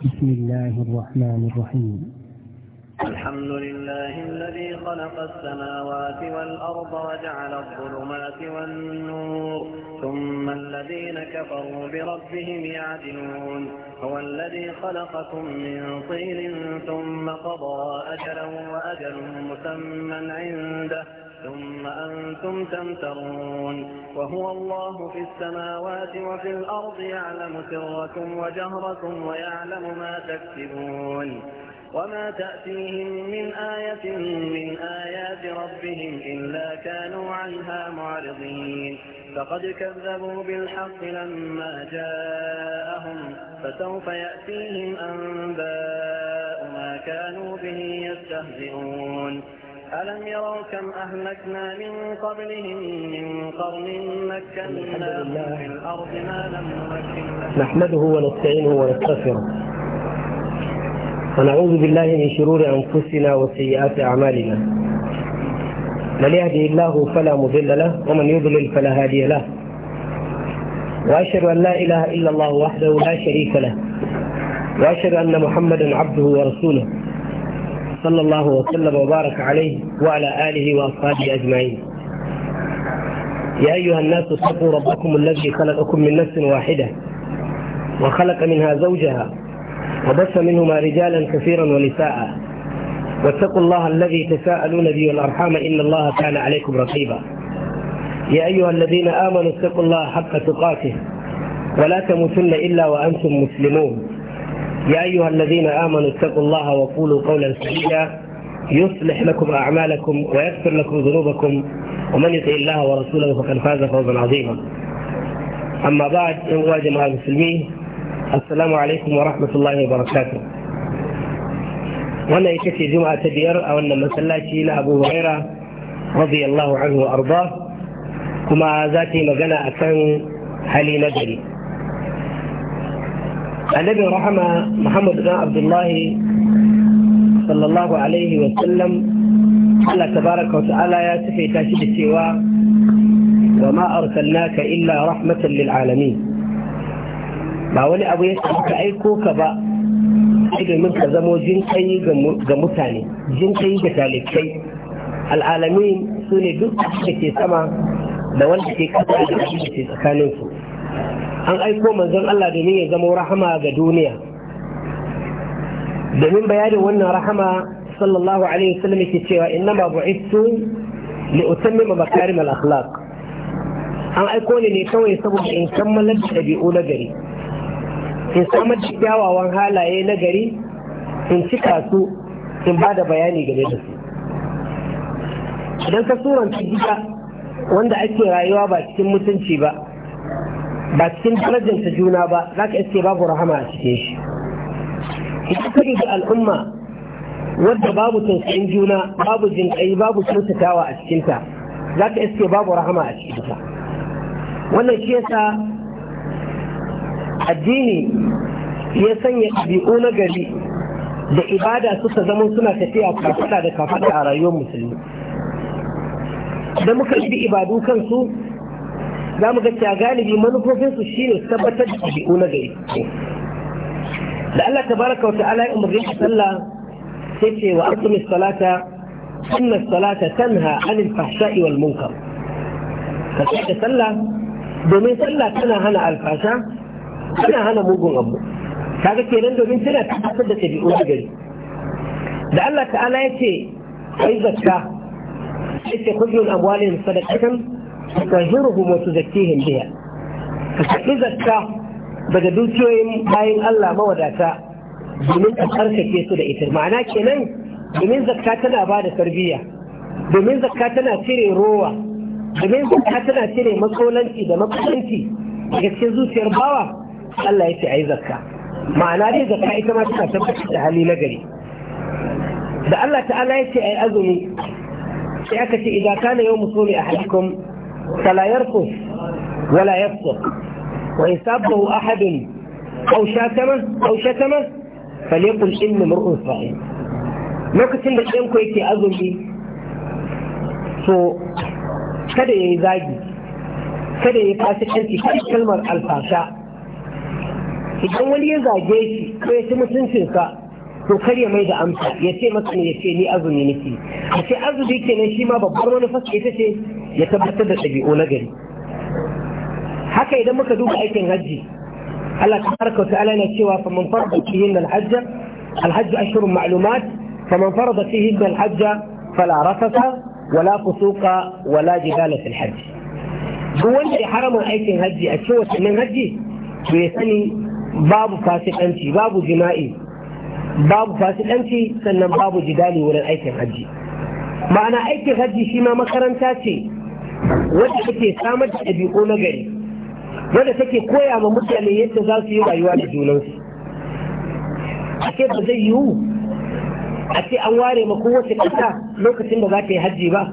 بسم الله الرحمن الرحيم الحمد لله الذي خلق السماوات والأرض وجعل الظلمات والنور ثم الذين كفروا بربهم يعدلون هو الذي خلقكم من طين ثم قضى أجلا وأجل مسمى عنده ثم أنتم تمترون وهو الله في السماوات وفي الأرض يعلم سركم وجهركم ويعلم ما تكسبون وما تأتيهم من آية من آيات ربهم إلا كانوا عنها معرضين فقد كذبوا بالحق لما جاءهم فسوف يأتيهم أنباء ما كانوا به يستهزئون ألم يروا كم أهلكنا من قبلهم من قرن مكناهم في الأرض ما لم نمكن نحمده ونستعينه ونستغفره ونعوذ بالله من شرور أنفسنا وسيئات أعمالنا من يهدي الله فلا مضل له ومن يضلل فلا هادي له وأشهد أن لا إله إلا الله وحده لا شريك له وأشهد أن محمدا عبده ورسوله صلى الله وسلم وبارك عليه وعلى آله وأصحابه أجمعين يا أيها الناس اتقوا ربكم الذي خلقكم من نفس واحدة وخلق منها زوجها وبث منهما رجالا كثيرا ونساء واتقوا الله الذي تساءلون به والأرحام إن الله كان عليكم رقيبا يا أيها الذين آمنوا اتقوا الله حق تقاته ولا تموتن إلا وأنتم مسلمون يا أيها الذين آمنوا اتقوا الله وقولوا قولا سديدا يصلح لكم أعمالكم ويغفر لكم ذنوبكم ومن يطع الله ورسوله فقد فاز فوزا عظيما أما بعد أيها جماعة المسلمين السلام عليكم ورحمة الله وبركاته وانا يكفي جمعة تدير او biyar a الى ابو هريرة رضي الله عنه وارضاه كما ذاتي za اكن yi magana annabi rahama muhammad dan abdullahi sallallahu alaihi wa sallam Allah tabaraka wa ta'ala ya tafaita shi da cewa wa ma arsalnaka illa rahmatan lil alamin ba wani abu ya ka aiko ka ba sai domin ka zamo jinkai ga mutane jinkai ga talibai al'alamin su ne duk da ke sama da wanda ke kasa da ke tsakaninsu an aiko manzon Allah domin ya zama rahama ga duniya domin bayanin wannan rahama sallallahu alaihi wasallam yake cewa ma bu'ithu li utammima makarim al-akhlaq an aiko ni ne kawai saboda in kammala dabi'u na gari in samar da kyawawan halaye na gari in cika su in ba da bayani game da su idan ka suranta gida wanda ake rayuwa ba cikin mutunci ba ba cikin ta juna ba za ka iske babu rahama a cikin shi idan ka dubi al'umma wanda babu tausayin juna babu jinƙai babu kyautatawa a cikinta za ka iske babu rahama a cikinta wannan shi yasa addini ya sanya ɗabi'u na gari da ibada suka zama suna tafiya kafaɗa da kafaɗa a rayuwar musulmi da muka bi ibadu kansu za mu ga cewa galibi manufofin su shine tabbatar da ɗabi'u na gari da Allah ta baraka wa ta'ala ya umarni da sallah sai ce wa aqimi salata inna salata tanha anil fahsha'i wal munkar ka da sallah domin sallah tana hana alfasha tana hana mugun abu kaga kenan domin tana tabbatar da ɗabi'u na gari da Allah ta'ala ya ce ai zakka sai ce kudin amwalin sadaqatan tutahhiruhum wa tuzakkihim biha ka karɓi zakka daga dukiyoyin bayan Allah mawadata domin ka tsarkake su da ita ma'ana kenan domin zakka tana ba da tarbiyya domin zakka tana cire rowa domin zakka tana cire matsolanci da matsalanci daga cikin zuciyar bawa Allah ya ce ayi yi zakka ma'ana dai zakka ita ma tana tabbatar da hali nagari da Allah ta'ala ya ce ai azumi sai aka ce idan kana yau musuli a halikum فلا يرقص ولا يفسق وإن سابه أحد أو شاتمه أو شتمه فليقل إن مرء صحيح لوكس إن بشيء كويس سو كده يزاجي kada ya fasa kanci kan kalmar alfasha idan wani ya zage shi ko to kar ya mai da amsa ya ce masa ya ce ni azumi nake a ce azumi kenan shi ma babbar manufar ita ce ya tabbatar da ɗabi'u na gari haka idan muka duba aikin hajji Allah ta harka ta ala cewa fa man farda fihin alhajj alhajj ashhurun ma'lumat fa man farda fihin alhajj fala rafasa wala fusuqa wala jidala fil hajj duk wanda ya harama aikin hajji a cewa sanin hajji to ya sani babu fasikanci babu jima'i babu fasikanci sannan babu jidali wurin aikin hajji ma'ana aikin hajji shi ma makaranta ce wadda take samar da ɗabi'u na gari wadda take koya ma mutane yadda za su yi rayuwa da junansu a ce ba zai yiwu a ce an ware ma kowace ƙasa lokacin da za ta yi hajji ba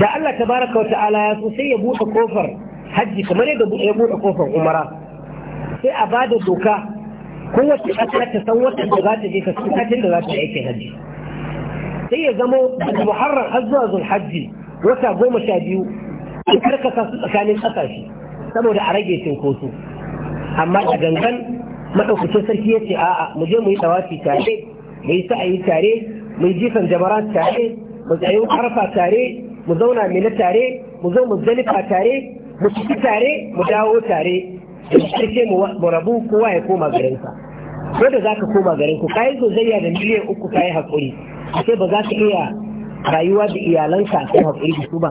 da Allah Ta baraka wa ta'ala ya so sai ya buɗe kofar hajji kamar yadda ya buɗe kofar umara sai a bada doka kowace ƙasar ta san watan da za ta je ta san da za ta aiki hajji sai ya zama daga muharram har zuwa hajji wata goma sha biyu an karkasa su tsakanin ƙasashe saboda a rage cinkoso amma da gangan maɗaukacin sarki ya ce a'a mu je mu yi tsawafi tare mu yi sa'ayi tare mu yi jifan jamara tare mu tsayi harfa tare mu zauna mina tare mu zo mu zalifa tare mu ciki tare mu dawo tare sai mu rabu kowa ya koma garinsa ko da zaka koma garin ku kai zozayya da miliyan uku kayi hakuri ashe ba za ka iya rayuwa da iyalanka kai hakuri da su ba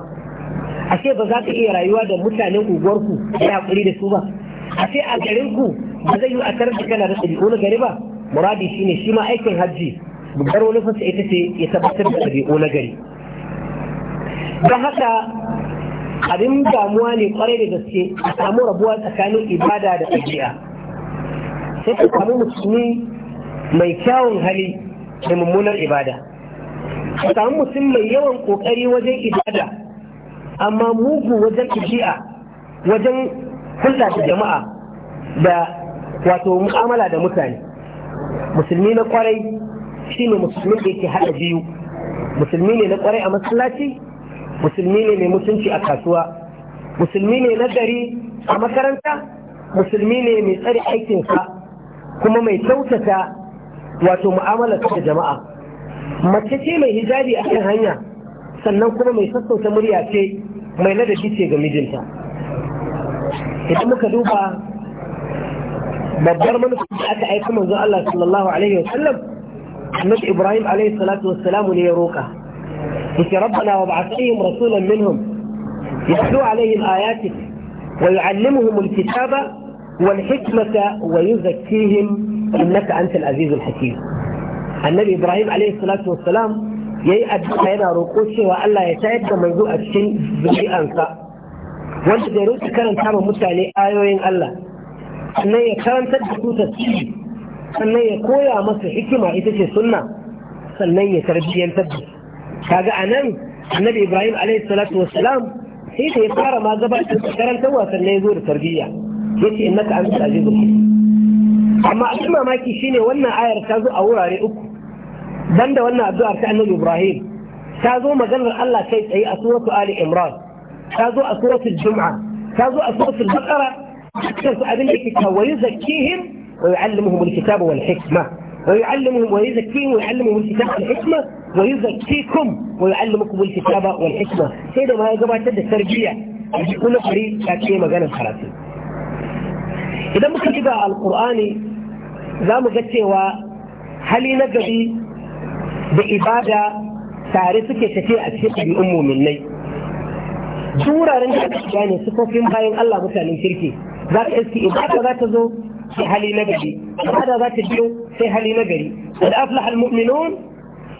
ashe ba za ka iya rayuwa da mutanen uguwarku ku kai hakuri da su ba ashe a garin ku ba zai yi a tarar da kana da ɗabi'u na gari ba muradi shine shi ma aikin hajji babbar wani fasa ita ce ya tabbatar da ɗabi'u na gari don haka abin damuwa ne kwarai da gaske a samu rabuwa tsakanin ibada da ajiya sai ka samu musulmi mai kyawun hali da mummunar ibada ka samu musulmi mai yawan kokari wajen ibada amma mugu wajen ajiya wajen hulɗa da jama'a da wato mu'amala da mutane musulmi na kwarai shine musulmi da yake haɗa biyu musulmi ne na kwarai a masallaci musulmi ne mai mutunci a kasuwa musulmi ne na gari a makaranta musulmi ne mai tsare aikinsa kuma mai kyautata wato mu'amala da jama'a mace ce mai hijabi a kan hanya sannan kuma mai sassauta murya ce mai ladabi ce ga mijinta idan muka duba babbar manufa da aka aika manzo Allah sallallahu alaihi wa sallam annabi Ibrahim alaihi salatu wassalam ne ya roka يا ربنا وابعث فيهم رسولا منهم يتلو عليهم آياتك ويعلمهم الكتاب والحكمة ويزكيهم إنك أنت العزيز الحكيم النبي إبراهيم عليه الصلاة والسلام يي أدعى ينا وألا يتعد ذو أشين بشيء أنسا وانت ديروت كان تعمل متعني آيوين الله أن كانت تدكو تسجيل أن يكويا مصر حكمة إذا سنة أن تربية تدكو kaga anan annabi ibrahim alaihi salatu wassalam sai da ya fara ma gabatar da karantar wasan ya zo da tarbiyya yace innaka anta azizul hakim amma abin mamaki shine wannan ayar ta zo a wurare uku banda wannan addu'ar ta annabi ibrahim ta zo maganar Allah kai tsaye a suratu ali imran ta zo a suratu jum'a ta zo a suratu baqara cikin su abin da ke tawayi zakihim wa yu'allimuhum alkitaba wal hikma wa yu'allimuhum wa yuzakkihim wa yu'allimuhum alkitaba wal hikma ويزكيكم ويعلمكم الكتاب والحكمة سيدا ما يقبع تد التربية يكون فري تاكيه مغانا خلاصي إذا مكتب القرآن لا مكتب وهل نقضي بإبادة تعرفك تفيع الثقة بأمه مني دورا رنجا يعني سفوفين باين الله مثلا من شركي ذات اسكي إبادة ذات ذو في حالي نقضي إبادة ذات الجو في حالي نقضي قد أفلح المؤمنون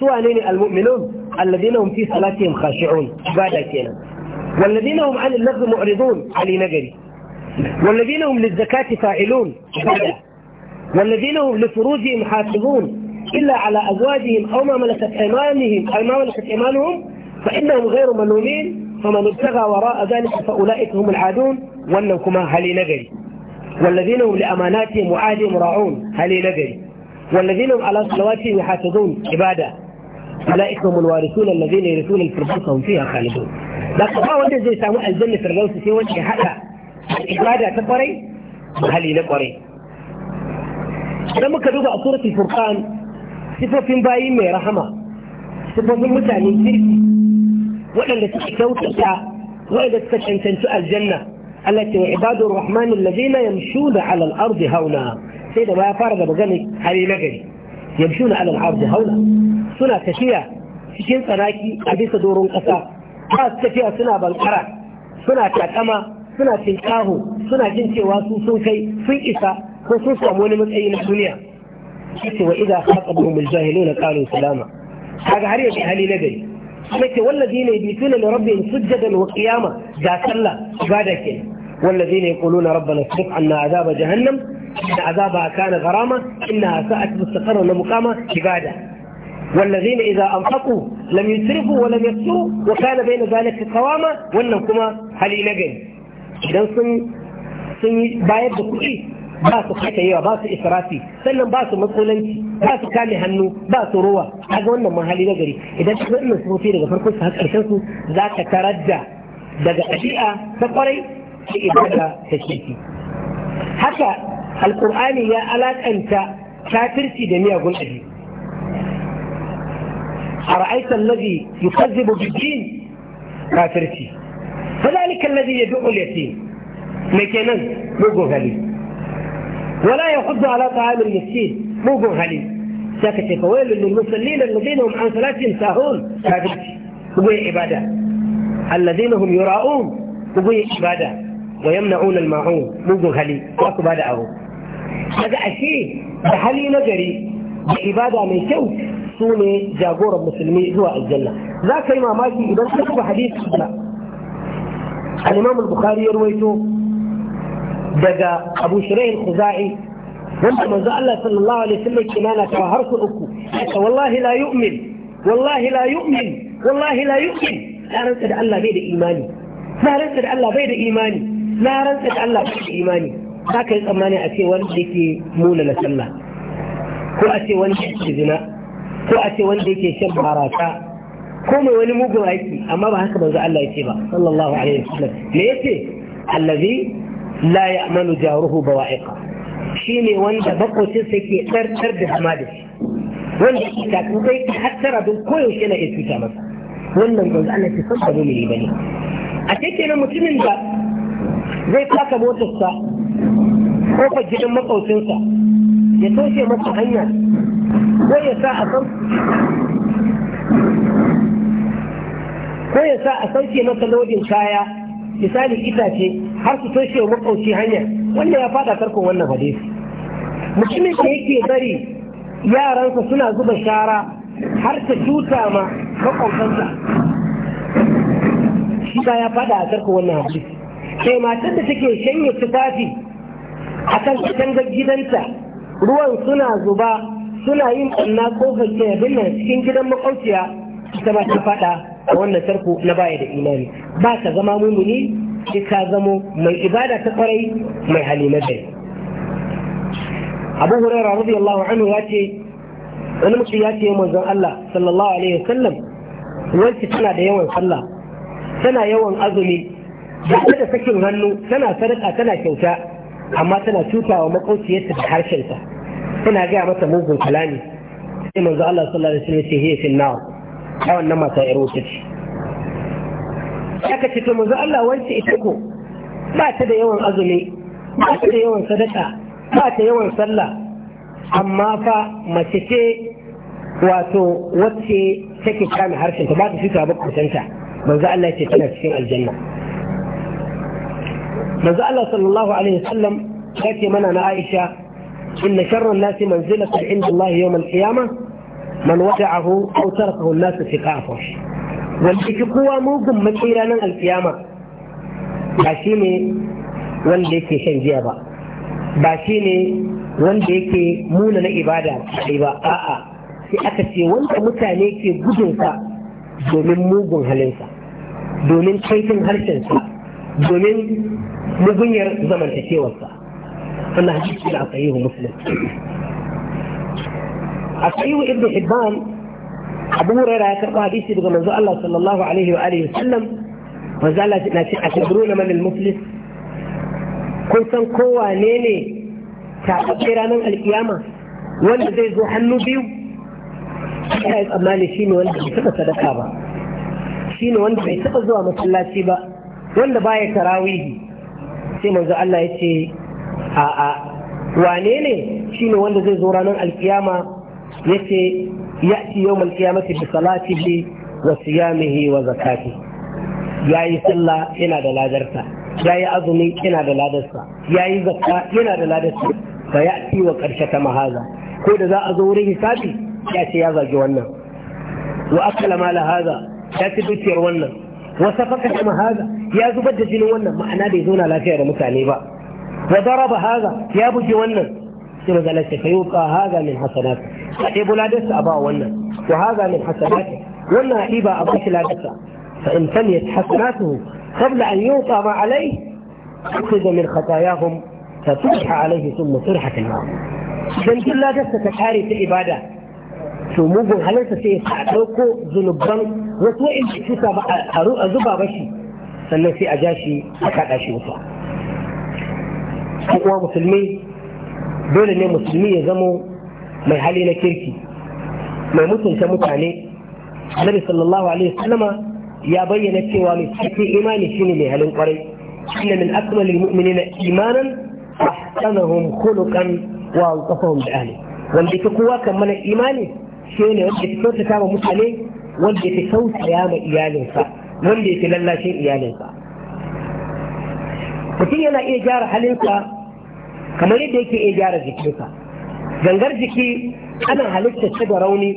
سوى wane المؤمنون الذين هم في صلاتهم خاشعون khashi'un كينا والذين هم عن اللغة معرضون علي نجري والذين هم للزكاة فاعلون والذين هم لفروجهم حافظون إلا على أزواجهم أو ما ملكت أيمانهم أو ما ملكت أيمانهم فإنهم غير ملومين فمن ابتغى وراء ذلك فأولئك هم العادون وأنكما هلي نجري والذين هم لأماناتهم وعادهم راعون هلي نجري والذين هم على صلواتهم يحافظون عبادة أولئك هم الوارثون الذين يرثون الفردوس هم فيها خالدون لكن ما وجد زي سامو الجنة فردوس في وجه حقا الإبادة تقري وهلي نقري لما كدوبة سورة الفرقان صفوفين بايين من رحمة صفوفين متانين سيرسي وإلا تكتوتا وإلا تكتنتنتو الجنة التي وعباد الرحمن الذين يمشون على الأرض هونا سيدة ما يفارد بغني هلي نقري يمشون على الأرض هونا suna tafiya cikin tsanaki a bisa doron ƙasa ba su tafiya suna bankara suna takama suna tinkaho suna jin cewa su sun kai sun isa ko sun samu wani matsayi na duniya yace wa idza na aljahilun qalu salama kaga har yake hali na gari kuma ce ne yabituna li rabbihim sujjadan wa qiyama da sallah ibada ke wallazina yaquluna rabbana isrif anna azaba jahannam inna azabaha kana gharama innaha sa'at mustaqarran wa muqama ibada والذين إذا أنفقوا لم يسرفوا ولم يكسروا وكان بين ذلك القوامة وأنكما هل إلى جن إذن سن سن بايد كل باسو حتي يا باسو إسرافي سلم باسو مسؤولنتي باسو كان هنو باسو روى هذا وأن ما هل إلى جن إذن سن مسؤولي إذا فرقوا سهك أشوف ذاك ترجع دجا أشياء تقري في إبادة تشيكي حتى القرآن يا الا أنت كافر في دنيا قل أجيب أرأيت الذي يكذب بالدين كافرتي فذلك الذي يدع اليتيم مكينا موجو غليل ولا يحض على طعام المسكين موجو غليل ساكت فويل للمصلين الذين هم عن صلاتهم ساهون كافرتي وهي عبادة الذين هم يراؤون وهي عبادة ويمنعون الماعون موجو غليل واكبر أهو هذا أشيء بحلي نجري بعبادة من شوك su ne jagoran musulmi zuwa aljanna za ka yi mamaki idan ka duba hadisi da al-imam al-bukhari ya rawaito daga abu shuraih al wanda manzo Allah sallallahu alaihi wasallam kinana ta har su uku wallahi la yu'min wallahi la yu'min wallahi la yu'min na rantsa da Allah bai da imani na rantsa da Allah bai da imani na rantsa da Allah bai da imani za ka yi tsammani a ce wanda yake muna na sallah ko a ce wani yake zina ko a ce wanda yake shan barasa ko mai wani mugun aiki amma ba haka manzo Allah ya ce ba sallallahu alaihi wasallam me yace allazi la ya'manu jaruhu bawa'iqa shine wanda bakocin sa ke tsartar da hama da shi wanda yake ta kai ka hattara don koyaushe na iya cuta masa wannan manzo Allah ya san ba mu ne bane a kenan mutumin da zai taka motarsa ko gidan makaucinsa ya toshe masa hanya ko ya sa a san ko ya sa a sauke masa lodin kaya misali itace har su toshe wa makauci hanya wanda ya fada tarkon wannan hadisi mutumin da yake bari yaransa suna zuba shara har ta cuta ma makwabtansa shi ba ya fada a tarkon wannan hadisi sai matar da take shanye tufafi a kan gidanta ruwan suna zuba suna yin ɓanna ko hasken abin nan cikin gidan makwauciya ita ba ta faɗa a wannan tarko na baya da imani ba ka zama mumuni sai ka zamo mai ibada ta kwarai mai hali na dai abu hurairah radiyallahu anhu ya ce wani mutum ya ce manzon Allah sallallahu alaihi wasallam tana da yawan sallah tana yawan azumi da da sakin hannu tana sadaka tana kyauta amma tana cutawa makwauciyarta da harshenta ina gaya mata mugun kalami sai manzo Allah sallallahu alaihi wasallam ya ce hiya fil nar ai wannan mata yar wuce ce aka ce to manzo Allah wance ita ko ba ta da yawan azumi ba ta da yawan sadaka ba ta yawan sallah amma fa mace ce wato wacce take kame harshen ta ba ta fita ba kusanta manzo Allah ya ce tana cikin aljanna manzo Allah sallallahu alaihi wasallam ya ce mana na Aisha إن شر الناس منزلة عند الله يوم القيامة من وجعه أو تركه الناس في كافر والذي هو موجم من إيران القيامة باشيني wanda yake shan giya ba shi ne wanda yake muna na ibada kaɗai ba a'a sai aka ce wanda mutane ke gudunsa domin mugun halinsa domin harshen harshensa domin mugunyar zamantakewarsa wannan hadisi da sahihu abu hurairah ya karba hadisi daga manzo Allah sallallahu alaihi wa alihi wasallam manzo Allah na ce atadruna man al kun san ranar alkiyama wanda zai zo hannu biyu ya yi tsammani shi ne wanda bai taɓa sadaka ba shi ne wanda bai taɓa zuwa masallaci ba wanda baya tarawihi sai manzo Allah ya ce a'a wane ne shine wanda zai zo ranar alkiyama yace ya'ti yawm alkiyamati bi salatihi wa siyamihi wa zakati yayi sallah yana da ladarsa yayi azumi yana da ladarsa yayi zakka yana da ladarsa fa ya'ti wa karshe ta mahaza ko da za a zo wurin hisabi ya ce ya zagi wannan wa akala mala haza ya ci dukiyar wannan wa safaka mahaza ya zubar da jinin wannan ma'ana bai na lafiya da mutane ba وضرب هذا ثياب جوانا ثم ذلك فيوقع هذا من حسناته صحيح لا دس أبا ونا وهذا من حسناته وانا إبا أبوك لا فإن فنيت حسناته قبل أن يوقع ما عليه أخذ من خطاياهم فتوحى عليه ثم صرحة النار إذن كل لا دس تتحاري في إبادة شو موجود هل أنت في إخاتوكو ذنبان وطوئي في سبع أرؤى ذبا بشي فالنسي أجاشي أكاد أشي وصح kuma musulmi dole ne musulmi ya zamo mai hali na kirki mai mutunta mutane annabi sallallahu alaihi wasallama ya bayyana cewa mai cikin imani shine mai halin kwarai inna min akmalil mu'minina imanan ahsanahum khuluqan wa alqafahum bi ahli wanda yake kowa kan mana imani shine wanda yake kyauta wa mutane wanda yake tausaya ma iyalinsa wanda yake lallashin iyalinsa mutum yana iya gyara halinsa kamar yadda yake iya gyara jikinka, gangar jiki ana halitta ce da rauni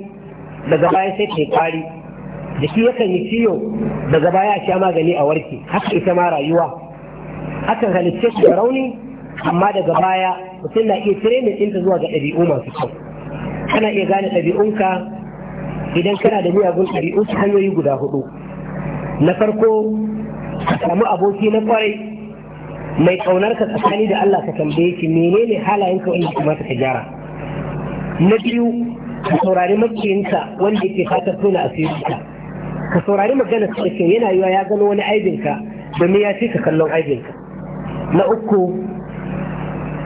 daga baya sai ta yi kwari jiki yakan yi ciwo daga baya a sha magani a warke haka ita ma rayuwa akan halitta ce da rauni amma daga baya mutum na iya mai tsinta zuwa ga ɗabi'u masu kyau kana iya gane ɗabi'unka idan kana da miyagun ɗabi'u ta hanyoyi guda hudu na farko a samu aboki na kwarai mai kaunar ka tsakani da Allah ka tambaye shi menene halayen ka wanda kamata ka gyara na biyu ka saurari makiyinka wanda yake fatar tona asirinka ka saurari magana sa yake yana yiwa ya gano wani da domin ya ce ka kallon ka na uku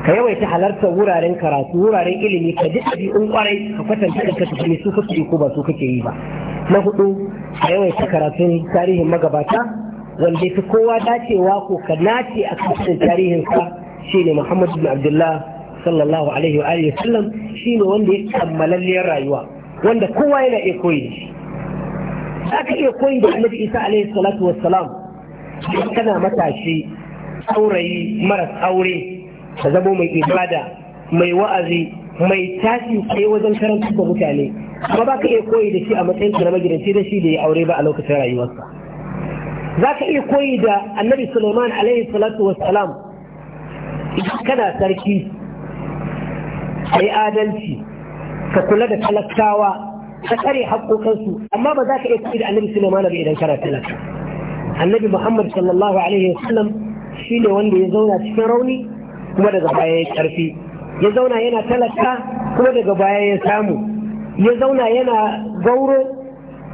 ka yawaita halartar wuraren karatu wuraren ilimi ka ji ɗabi'un kwarai ka kwatanta da kasa ne su kake ko ba su kake yi ba na hudu ka yawaita karatun tarihin magabata wanda ya fi kowa dacewa ko ka nace a kan tarihinsa shine Muhammadu bin Abdullah sallallahu alaihi wa alihi sallam shine wanda ya kammalalliyar rayuwa wanda kowa yana iya koyi da ka iya koyi da Annabi Isa alaihi salatu wassalam kana matashi saurayi maras aure ka zamo mai ibada mai wa'azi mai tashi sai wajen karanta da mutane amma baka iya koyi da shi a matsayin na magidanci da shi da ya aure ba a lokacin rayuwarsa za ka iya koyi da annabi suleiman alaihi salatu wassalam idan kana sarki a yi adalci ka kula da talakawa ka tsare haƙoƙansu amma ba za ka iya koyi da annabi suleiman ba idan kana talaka annabi muhammad sallallahu alaihi wasallam shi ne wanda ya zauna cikin rauni kuma daga baya ya karfi ya zauna yana talaka kuma daga baya ya samu ya zauna yana gauro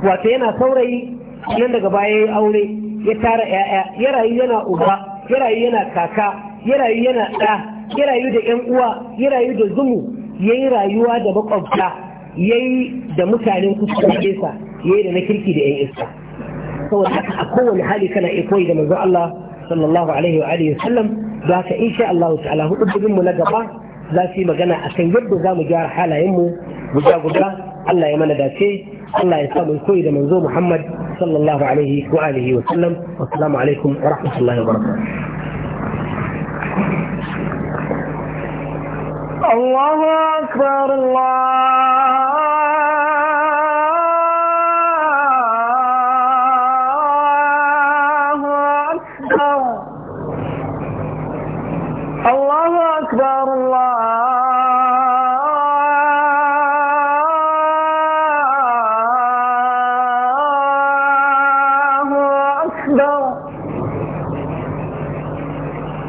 wato yana saurayi nan daga baya ya aure ya tara ‘ya'ya ya rayu yana uba ya rayu yana kaka ya rayu yana ɗa ya rayu da ‘yan uwa ya rayu da zumu ya yi rayuwa da makwabta ya yi da mutanen kusa da nesa ya yi da na kirki da ‘yan iska saboda haka a kowane hali kana iya koyi da manzon Allah sallallahu alaihi wa alihi sallam da haka insha Allah ta'ala hudu mu na gaba za su yi magana a kan yadda za mu gyara halayenmu guda guda Allah ya mana dace Allah ya sa mu koyi da manzo Muhammad صلى الله عليه وآله وسلم والسلام عليكم ورحمة الله وبركاته الله أكبر الله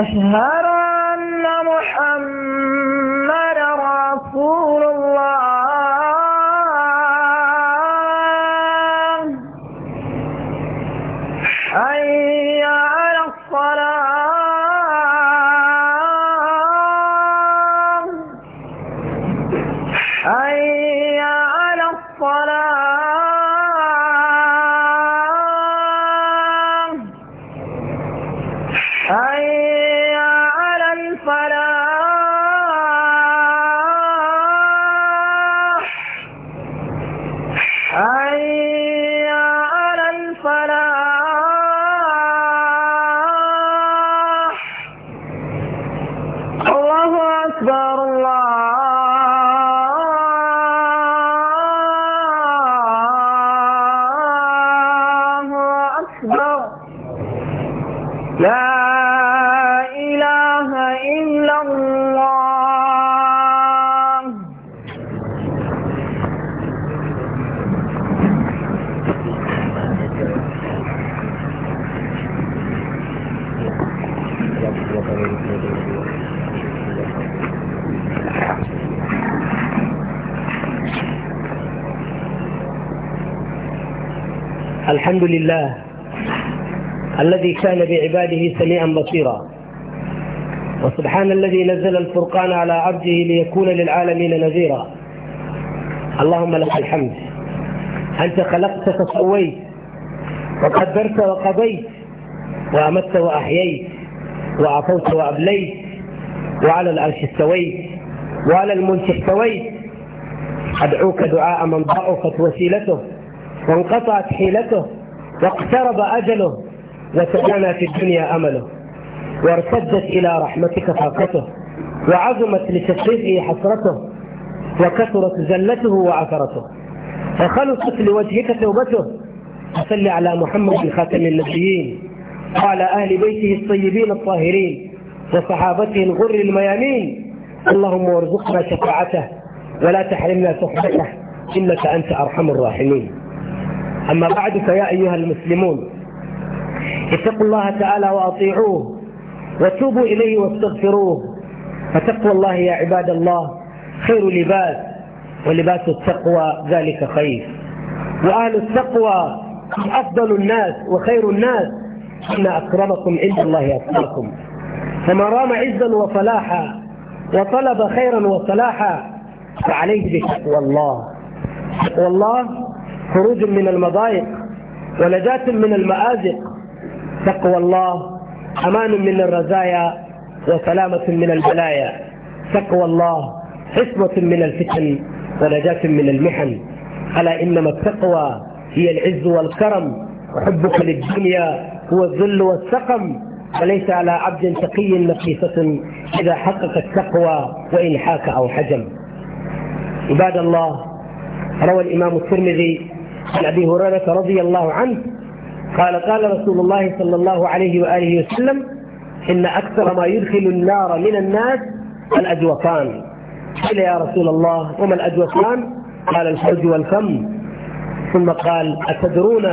الأشهاد الحمد لله الذي كان بعباده سميعا بصيرا وسبحان الذي نزل الفرقان على عبده ليكون للعالمين نذيرا اللهم لك الحمد أنت خلقت فسويت وقدرت وقضيت وأمت وأحييت وعفوت وأبليت وعلى العرش استويت وعلى الملك استويت أدعوك دعاء من ضعفت وسيلته وانقطعت حيلته واقترب أجله وتدانى في الدنيا أمله وارتدت إلى رحمتك فاقته وعظمت لتشريفه حسرته وكثرت زلته وعثرته فخلصت لوجهك توبته فصل على محمد خاتم النبيين وعلى أهل بيته الطيبين الطاهرين وصحابته الغر الميامين اللهم وارزقنا شفاعته ولا تحرمنا صحبته إنك أنت أرحم الراحمين أما بعد فيا أيها المسلمون اتقوا الله تعالى وأطيعوه وتوبوا إليه واستغفروه فتقوى الله يا عباد الله خير لباس ولباس التقوى ذلك خير وأهل التقوى أفضل الناس وخير الناس إن أكرمكم عند الله أتقاكم فمن رام عزا وصلاحا وطلب خيرا وصلاحا فعليه بتقوى الله تقوى الله خروج من المضايق ونجاة من المآزق تقوى الله أمان من الرزايا وسلامة من البلايا تقوى الله حصمة من الفتن ونجاة من المحن ألا إنما التقوى هي العز والكرم وحبك للدنيا هو الذل والسقم وليس على عبد تقي نقيصة إذا حقق التقوى وإن حاك أو حجم عباد الله روى الإمام الترمذي عن ابي هريره رضي الله عنه قال قال رسول الله صلى الله عليه واله وسلم ان اكثر ما يدخل النار من الناس الاجوفان قيل يا رسول الله وما الاجوفان قال الفرج والفم ثم قال اتدرون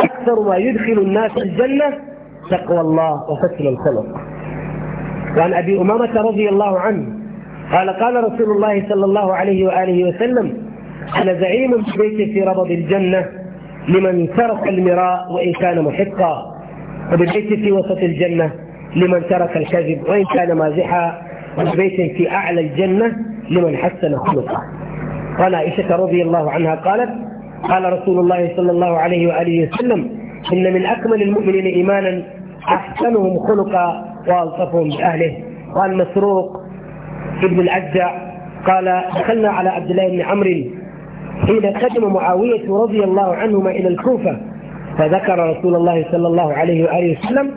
اكثر ما يدخل الناس الجنه تقوى الله وحسن الخلق وعن ابي امامه رضي الله عنه قال قال رسول الله صلى الله عليه واله وسلم أنا زعيم ببيتي في ربض الجنة لمن ترك المراء وإن كان محقا وببيت في وسط الجنة لمن ترك الكذب وإن كان مازحا وببيت في أعلى الجنة لمن حسن خلقه قال عائشة رضي الله عنها قالت قال رسول الله صلى الله عليه وآله وسلم إن من أكمل المؤمنين إيمانا أحسنهم خلقا وألطفهم بأهله وعن مسروق ابن الأجزع قال دخلنا على عبد الله بن عمرو حين قدم معاوية رضي الله عنهما إلى الكوفة فذكر رسول الله صلى الله عليه وآله وسلم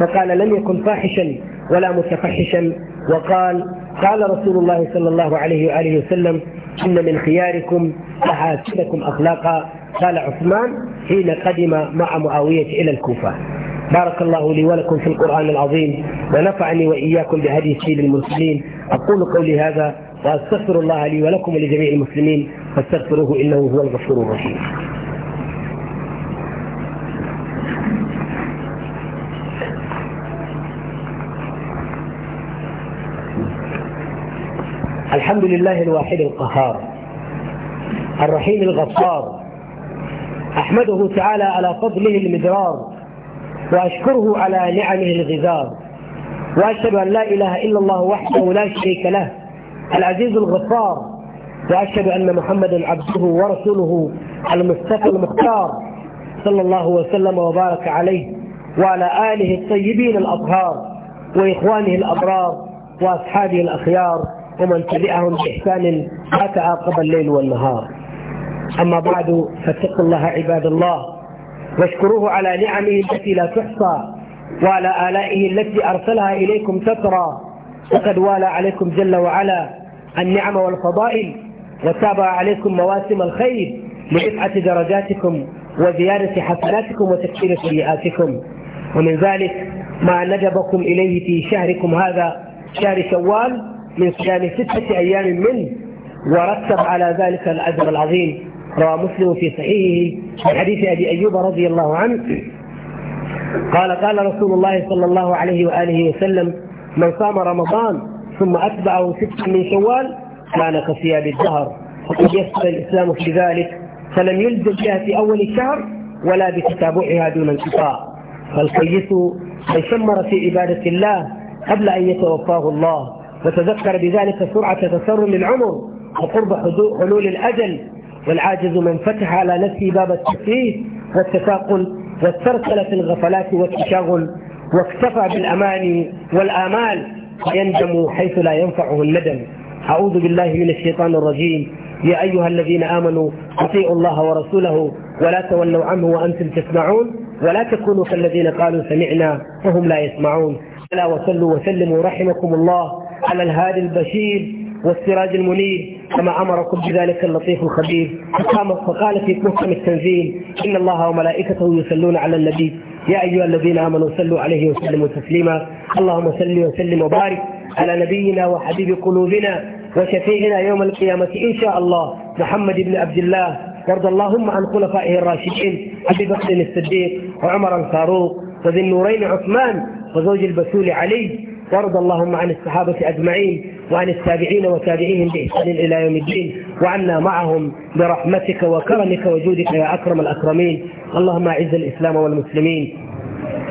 فقال لم يكن فاحشا ولا متفحشا وقال قال رسول الله صلى الله عليه وآله وسلم إن من خياركم أحاسبكم أخلاقا قال عثمان حين قدم مع معاوية إلى الكوفة بارك الله لي ولكم في القرآن العظيم ونفعني وإياكم بهدي سيد المرسلين أقول قولي هذا وأستغفر الله لي ولكم ولجميع المسلمين فاستغفروه إنه هو الغفور الرحيم الحمد لله الواحد القهار الرحيم الغفار أحمده تعالى على فضله المدرار وأشكره على نعمه الغزار وأشهد أن لا إله إلا الله وحده لا شريك له العزيز الغفار وأشهد أن محمدا عبده ورسوله المصطفى المختار صلى الله وسلم وبارك عليه وعلى آله الطيبين الأطهار وإخوانه الأبرار وأصحابه الأخيار ومن تبعهم بإحسان ما تعاقب الليل والنهار أما بعد فاتقوا الله عباد الله واشكروه على نعمه التي لا تحصى وعلى آلائه التي أرسلها إليكم تترى فقد والى عليكم جل وعلا النعم والفضائل وتابع عليكم مواسم الخير لرفعة درجاتكم وزيادة حسناتكم وتكفير سيئاتكم ومن ذلك ما ندبكم إليه في شهركم هذا شهر شوال من صيام ستة أيام منه ورتب على ذلك الأجر العظيم روى مسلم في صحيحه من حديث أبي أيوب رضي الله عنه قال قال رسول الله صلى الله عليه وآله وسلم من صام رمضان ثم أتبعه ستا من شوال كان كصيام الدهر وقد يسر الإسلام في ذلك فلم يلزم بها في أول الشهر ولا بتتابعها دون انقطاع فالقيس من شمر في عبادة الله قبل أن يتوفاه الله وتذكر بذلك سرعة تسرم العمر وقرب حلول الأجل والعاجز من فتح على نفسه باب التكليف والتثاقل والترسل في الغفلات والتشاغل واكتفى بالأماني والآمال فيندم حيث لا ينفعه الندم أعوذ بالله من الشيطان الرجيم يا أيها الذين آمنوا اطيعوا الله ورسوله ولا تولوا عنه وأنتم تسمعون ولا تكونوا كالذين قالوا سمعنا وهم لا يسمعون ألا وصلوا وسلموا رحمكم الله على الهادي البشير والسراج المنير كما أمركم بذلك اللطيف الخبير فقال في محكم التنزيل إن الله وملائكته يصلون على النبي يا أيها الذين آمنوا صلوا عليه وسلموا تسليما اللهم صل وسلم وبارك على نبينا وحبيب قلوبنا وشفيعنا يوم القيامة إن شاء الله محمد بن عبد الله وارض اللهم عن خلفائه الراشدين أبي بكر الصديق وعمر الفاروق وذي النورين عثمان وزوج البسول علي وارض اللهم عن الصحابة أجمعين وعن التابعين وتابعيهم بإحسان إلى يوم الدين وعنا معهم برحمتك وكرمك وجودك يا أكرم الأكرمين اللهم أعز الإسلام والمسلمين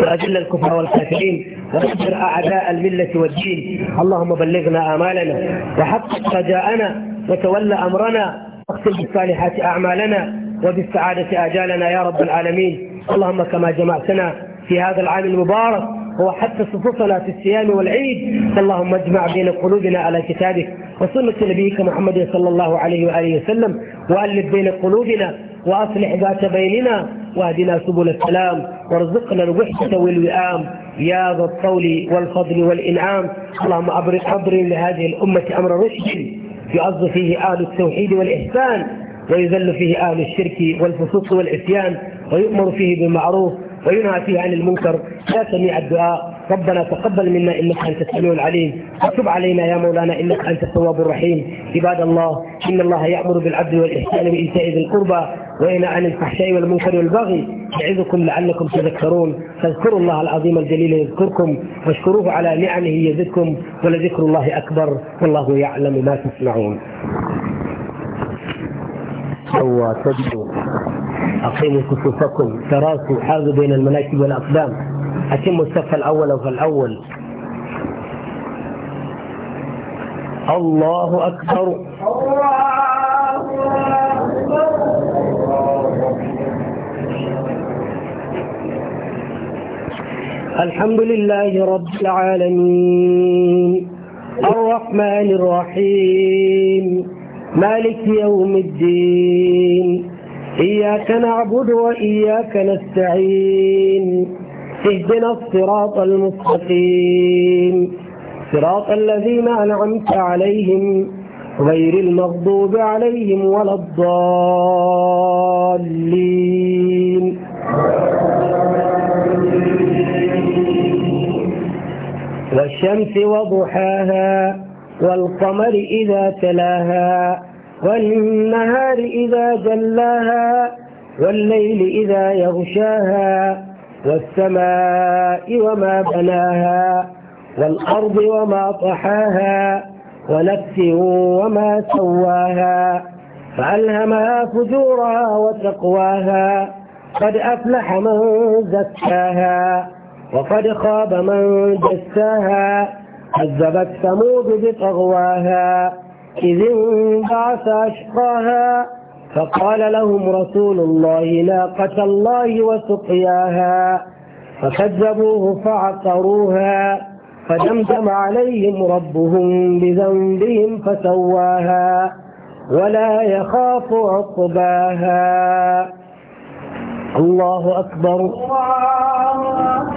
وأذل الكفر والكافرين ودمر أعداء الملة والدين اللهم بلغنا آمالنا وحقق رجاءنا وتول أمرنا واختم بالصالحات أعمالنا وبالسعادة آجالنا يا رب العالمين اللهم كما جمعتنا في هذا العام المبارك وحتى صلاة الصيام والعيد اللهم اجمع بين قلوبنا على كتابك وسنة نبيك محمد صلى الله عليه وآله وسلم وألف بين قلوبنا وأصلح ذات بيننا واهدنا سبل السلام وارزقنا الوحدة والوئام يا ذا الطول والفضل والإنعام اللهم أبرد أبرد لهذه الأمة أمر رشد يعز فيه آل التوحيد والإحسان ويذل فيه آل الشرك والفسوق والعصيان ويؤمر فيه بالمعروف وينهى فيه عن المنكر يا سميع الدعاء ربنا تقبل منا انك انت السميع العليم وتب علينا يا مولانا انك انت التواب الرحيم عباد الله ان الله يامر بالعدل والاحسان وايتاء ذي القربى وينهى عن الفحشاء والمنكر والبغي يعظكم لعلكم تذكرون فاذكروا الله العظيم الجليل يذكركم واشكروه على نعمه يزدكم ولذكر الله اكبر والله يعلم ما تصنعون. هو تجدو أقيموا كسوفكم تراسوا حاذوا بين المناكب والأقدام أتموا الصف الأول أو فالأول الله أكبر الحمد لله رب العالمين الرحمن الرحيم مالك يوم الدين إياك نعبد وإياك نستعين اهدنا الصراط المستقيم صراط الذين أنعمت عليهم غير المغضوب عليهم ولا الضالين والشمس وضحاها والقمر إذا تلاها والنهار إذا جلاها والليل إذا يغشاها والسماء وما بناها والأرض وما طحاها ونفس وما سواها فألهمها فجورها وتقواها قد أفلح من زكاها وقد خاب من دساها كذبت ثمود بطغواها إذ انبعث أشقاها فقال لهم رسول الله ناقة الله وسقياها فكذبوه فعقروها فدمدم عليهم ربهم بذنبهم فسواها ولا يخاف عقباها الله أكبر الله أكبر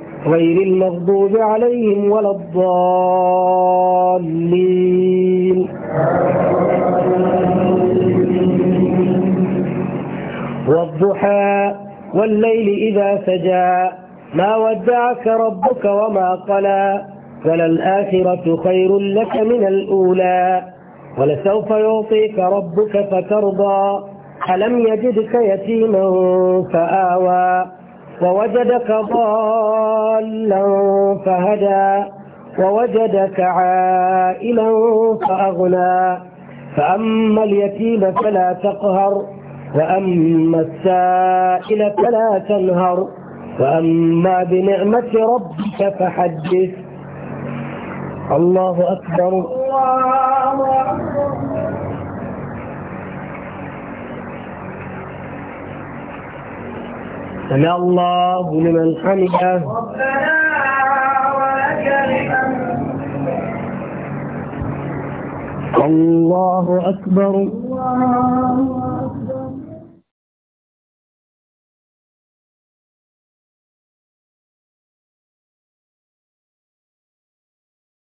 غير المغضوب عليهم ولا الضالين والضحى والليل إذا سجى ما ودعك ربك وما قلى فللآخرة خير لك من الأولى ولسوف يعطيك ربك فترضى ألم يجدك يتيما فآوى ووجدك ضالا فهدى ووجدك عائلا فأغنى فأما اليتيم فلا تقهر وأما السائل فلا تنهر وأما بنعمة ربك فحدث الله أكبر الله أكبر سمع الله لمن حمده ربنا ولك الحمد الله أكبر الله أكبر